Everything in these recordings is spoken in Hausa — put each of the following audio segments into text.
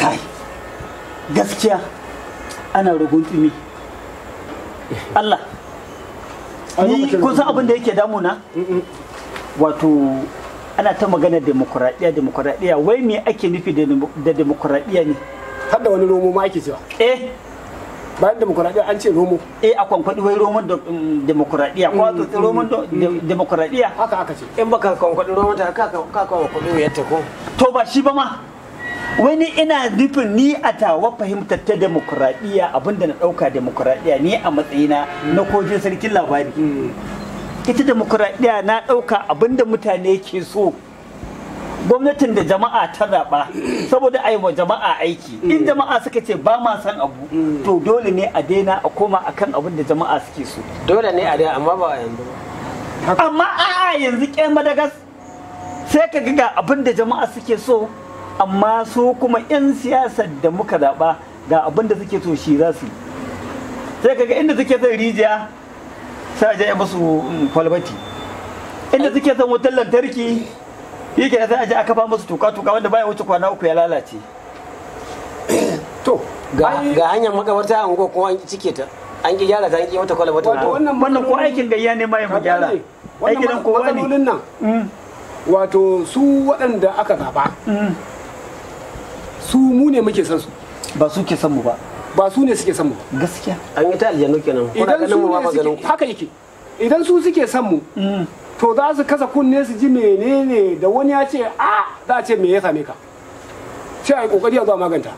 kai gaskiya ana rugun tsimi Allah ni kun san abin da yake damuna wato ana ta magana demokuraɗiyya demokuraɗiyya wai me ake nufi da demokuraɗiyya ne har da wani romo ma ake cewa eh bayan demokuraɗiyya an ce romo eh a kwankwaɗi wai romon mm, demokuraɗiyya ko a mm, roman mm, demokuraɗiyya haka aka ce in baka kwankwaɗi romon ta ka ka kwankwaɗi wayar ta ko to ba shi ba ma wani ina nufin ni a tawa fahimtar ta demokuraɗiyya abinda na ɗauka demokuraɗiyya ni a matsayina na kojin sarkin labari ita demokuraɗiyya na ɗauka abinda mutane ke so gwamnatin da jama'a ta zaɓa saboda a yi wa jama'a aiki in jama'a suka ce ba ma san abu to dole ne a daina a koma akan abin da jama'a suke so dole ne a daina amma ba a yanzu amma a'a yanzu ƙyan madagas sai ka ga abin da jama'a suke so amma su kuma 'yan siyasar da muka zaɓa ga abin da suke so shi za su sai ka ga inda suke son rijiya sai a je musu mm, kwalbati inda suke son wutar lantarki yi kenan sai a je a kafa musu tuka-tuka wanda baya wuce kwana uku ya lalace to ga hanyar makabarta an go kuma an cike ta an ki gyara ta an ki mata kwalaba ta wannan wannan ko aikin gayya ne ma ya mu gyara aikin nan kowa ne nan mm. wato su waɗanda aka zaba mm. su mu ne muke san su ba su ke san mu ba ba su ne suke san mu gaskiya an yi ta aljanu kenan idan ganin mu ba haka yake idan su suke san mu mm. to za su kasa kunne su ji menene da wani ya ce a za a ce me ya same ka sai ai kokari a zuwa maganta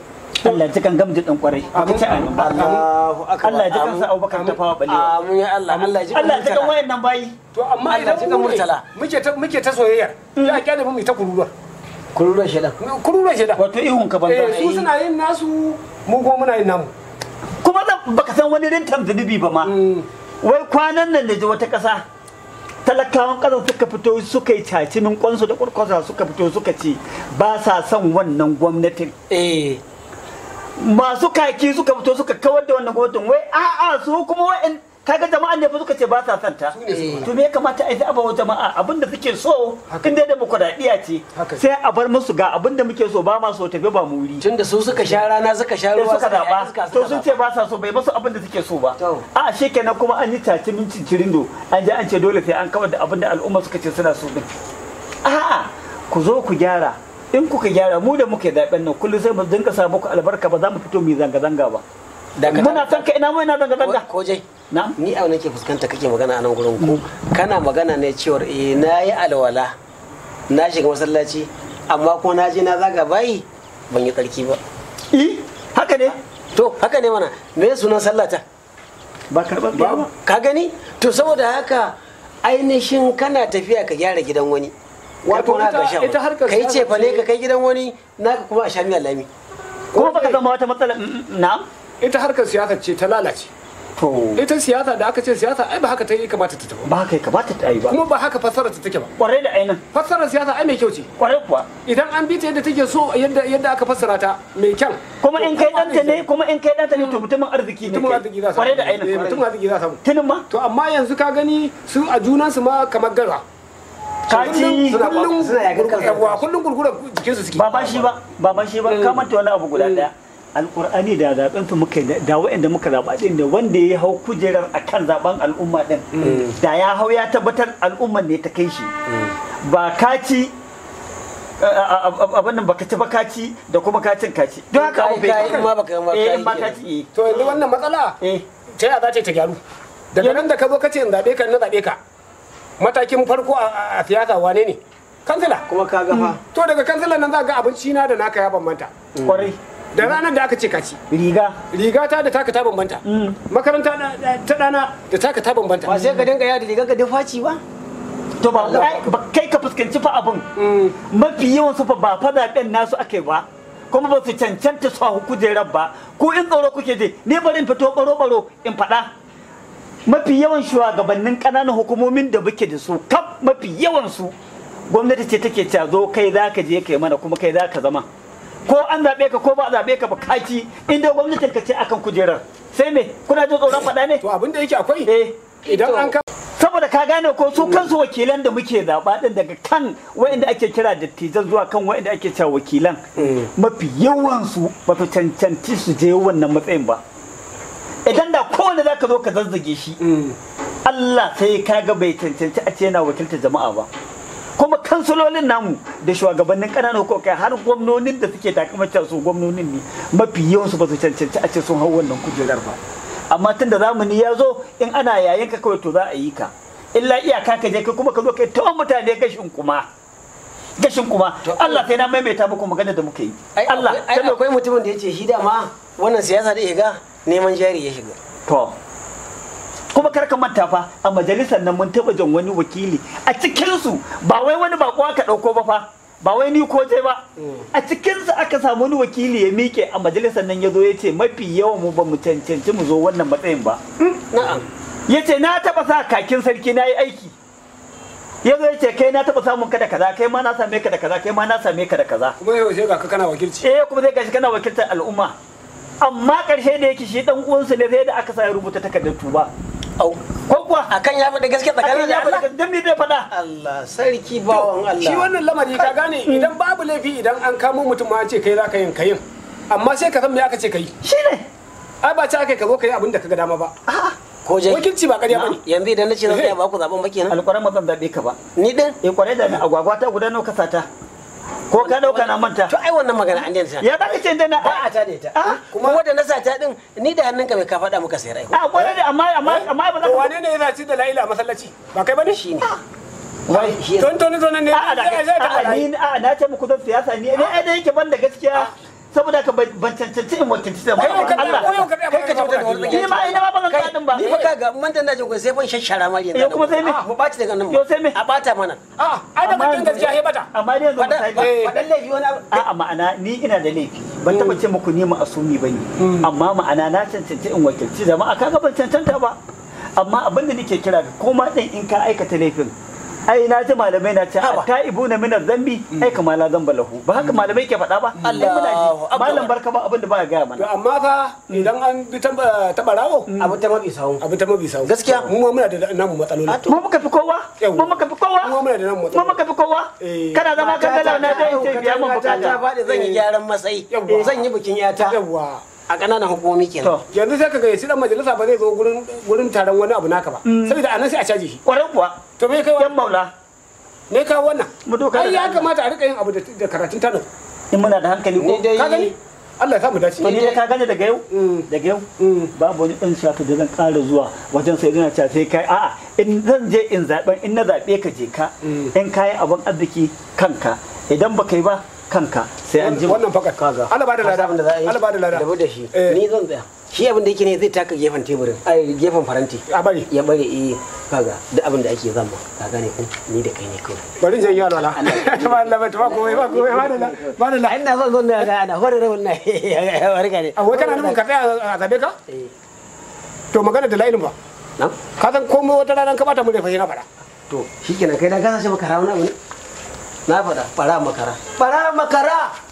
Allah ji kan gamji dan kwarai ka ta amin akbar Allah ji kan sa Abubakar ta fawa bale amin ya Allah Allah ji Allah ji kan wayannan bayi to amma Allah ji kan murtala muke ta muke ta soyayya ya a kyale mu ta kururuwa kururuwa sheda kururuwa sheda wato ihun ka banza eh, su suna yin nasu mu ko muna yin namu kuma baka san wani rintan zunubi ba ma mm. wai kwanan nan da ji wata kasa talakawan ƙasar suka fito suka yi cacimin kwansu da ƙwarƙwasa suka fito suka ci, ba sa son wannan gwamnatin eh. masu kaki suka fito suka kawar da wannan gwamnatin wai a'a su kuma wa'in kaga jama'an ne fa suka ce ba sa son ta to me ya kamata a yi a bawa jama'a abinda suke so in dai demokradiya ce sai a bar musu ga abinda muke so ba ma so tafi ba mu wuri tunda su suka sha rana suka sha ruwa suka zaba to sun ce ba sa so bai musu abinda suke so ba a shekenan kuma an yi tace mincin cirindo an je an ce dole sai an kawar da abinda al'umma suka ce suna so din a'a ku zo ku gyara in kuka gyara mu da muke zaben nan kullum sai mu dinka sa muku albarka ba za mu fito mu zanga zanga ba muna son ka ina mu ina zanga zanga ko ni a ke fuskanta kake magana a nan gurin ku kana magana ne cewar eh na yi alwala na shiga masallaci amma ko na je na zaga bayi ban yi tsarki ba eh haka ne to haka ne mana me sunan sallata ba ka ba ka gani to saboda haka ainihin kana tafiya ka gyara gidan wani wato ita harkar kai ce fa ne ka kai gidan wani naka kuma a sha miya lami kuma baka zama wata matsala na'am ita harkar siyasa ce ta lalace ita siyasa da aka ce siyasa ai ba haka ta yi kamata ta tafi ba haka kamata ta yi ba kuma ba haka fassara ta take ba kwarai da ainin Fassara siyasa ai mai kyau ce kwarai kuwa idan an bi ta yadda take so yadda yadda aka fassara ta mai kyau kuma in kai danta ne kuma in kai danta ne to mutumin arziki ne mutumin arziki za su kwarai da ainin eh, mutumin arziki za su tunin ma to amma yanzu ka gani su a junan su ma kamar gara kullum kullum kullum kullum jikinsu kullum kullum kullum kullum kullum kullum kullum kullum kullum kullum kullum kullum abu guda daya eh. alkur'ani da zaben su muka da waɗanda muka zaba din da wanda ya hau kujerar akan zaben al'umma din mm. da ya hau ya tabbatar al'umman ne ta kai shi mm. ba kaci abin baka ci baka ci da kuma kacin kaci don haka abu bai kai ma baka ma kai eh, ma kaci eh. to yanzu wannan matsala eh. ta yaya za ta ta gyaru daga nan da ka zo kace in zabe ka na zabe ka matakin farko a siyasa wane ne kansila kuma ka gafa mm. to daga kansila nan za ga abinci na da naka ya bambanta kwarai da ranar da aka ce kaci. riga riga ta da taka ta bambanta mm. makaranta ta dana da taka ta bambanta ba sai ka dinga yada riga ka da faci ba to ba kai ka fuskanci fa abun mm. mafi yawan su fa ba fa zaben nasu ake ba kuma ba su cancanta su a kujerar ba ko in tsoro kuke je ne bari in fito baro baro in faɗa mafi yawan shugabannin ƙananan hukumomin da muke da su kaf mafi yawan su gwamnati ce take ta zo kai za ka je kai mana kuma kai za ka zama ko an zaɓe ka ko ba a zaɓe ka ba kaki inda gwamnatin ka ce akan kujerar sai me kuna jin tsoron faɗa ne to abin yake akwai eh idan an ka saboda ka gane ko su kansu wakilan da muke zaɓa ɗin daga kan waɗanda ake kira dattijan zuwa kan waɗanda ake cewa wakilan mm. mafi yawansu ba su cancanci su je wannan matsayin ba idan da kowane za ka zo ka zazzage shi mm. Allah sai ka ga bai cancanci a ce yana wakiltar jama'a ba kansulolin namu da shugabannin ƙananan hukumar har gwamnonin da suke takamacin su gwamnonin ne mafi yawansu ba su cancanci a ce sun hau wannan kujerar ba amma tun da zamani ya zo in ana yayin ka kawai to za a yi ka illa iyaka ka je ka kuma ka zo kai tawon mutane gashin kuma gashin kuma Allah sai na maimaita muku magana da muke yi Allah akwai mutumin da ya ce shi dama wannan siyasa da ya ga neman jari ya shiga to kuma kar ka manta fa a majalisar nan mun taɓa jan wani wakili a cikinsu ba wai wani bako aka ɗauko ba fa ba wai ni ko je ba a cikinsu aka samu wani wakili ya miƙe a majalisar nan ya zo ya ce mafi yawan mu ba mu cancanci mu zo wannan matsayin ba hmm, ya ce na taɓa sa kakin sarki na yi aiki ya zo ya ce kai na taɓa samun ka da kaza kai ma na same ka da kaza kai ma na same ka da kaza kuma yau sai ga kana wakilci eh kuma zai gashi kana wakiltar al'umma amma ƙarshe da yake shi dan uwansu ne sai da aka sa ya rubuta takardar tuba ko kuwa kan ya faɗa gaske tsakanin ya faɗa dan me zai faɗa Allah sarki bawon Allah shi wannan lamari ka gane idan babu laifi idan an kamo mutum ma ce kai zaka yin kayin amma sai ka san me aka ce kai shi ne ai ba ta kai ka zo kai abin da kaga dama ba ko je wakilci ba ƙarya bane yanzu idan nace zan tsaya eh. ba ku zaben ba kenan alƙwaran ba zan zabe ka ba ni din eh kwarai da ni agwagwa ta guda nawa ka sata ko ka dauka na manta to ai wannan magana an daina ya da ita dana na ba a ta ah? kuma wanda na sa ta din ni da hannunka bai ka fada muka sai rai a ah, gore da amma amma eh? amma ba za ku wane ne yana ci da la'ila masallaci ba kai bane ne ah. wai ton ton ne a da a ni a na ce muku da siyasa ni ne ai da yake ban da gaskiya saboda ka ban cancanci in mutunci da mai Allah kai ka tabbata da wani ni ma ina ba ban kadin ba ni ka ga mun tanda ko sai ban shashara mari yanzu eh, kuma sai me ah, mu baci daga nan mu sai me a bata mana a ah, ai da mutum gaskiya he bata amma ni yanzu ba fadan laifi wani a a ma'ana ni ina da laifi ban taba ce muku ni ma'asumi bane hmm. amma ma'ana na cancanci in wakilci jama'a kaga ban cancanta ba amma abin da nake kira ga koma din in ka aikata laifin ai na ji malamai na ce ta ibu na minar zambi mm. ai kama la zamba lahu ba haka malamai ke faɗa ba Allah ji malam barka ba abin da ba ya gaya mana amma fa idan an bi ta barawo eh, mm. abin ta mabi sawu abin ta mabi sawu gaskiya mu ma muna da namu matsaloli mu muka fi kowa mu muka fi kowa mu muna da namu matsaloli mu muka fi kowa kana zama kankana na dai biya mu bukata ta faɗi zan yi eh. gyaran matsayi zan yi bikin yata yawa a ƙananan hukumomi kenan yanzu sai ka ga shi dan majalisa ba zai zo gurin gurin taron wani abu naka ba mm. saboda anan sai a caji shi kwarai kuwa to me kai yan maula me ka wannan ai ya kamata a rika yin abu da karatun tanin in muna da hankali ko ka gani Allah ya samu dace. To ni da ka gane daga yau mm. daga yau mm. babu wani ɗan shato da zan ƙara zuwa wajen sai dina sai kai a'a in zan je in zaben in na zabe ka je ka in kayi abun arziki kanka idan baka yi ba kanka sai an ji wannan fakat kaga Allah bada da lada abin da za a yi Allah bada da lada da shi eh. ni zan tsaya shi abin da yake ne zai taka gefen teburin ai gefen faranti a bari ya bari eh kaga da abin da ake zamba kaga ne ko ni da kai ne kawai bari zan yi alwala ba Allah ba ba komai ba komai ba da ba da ina zan zo ne ga ana hore da wannan barka ne a wata kana mun ka tsaya a zabe ka eh. to magana da lailin ba ka san komai wata rana ka bata mu da fa na to shikenan kai da gasa shi maka rawana ne na faɗa fara makara fara makara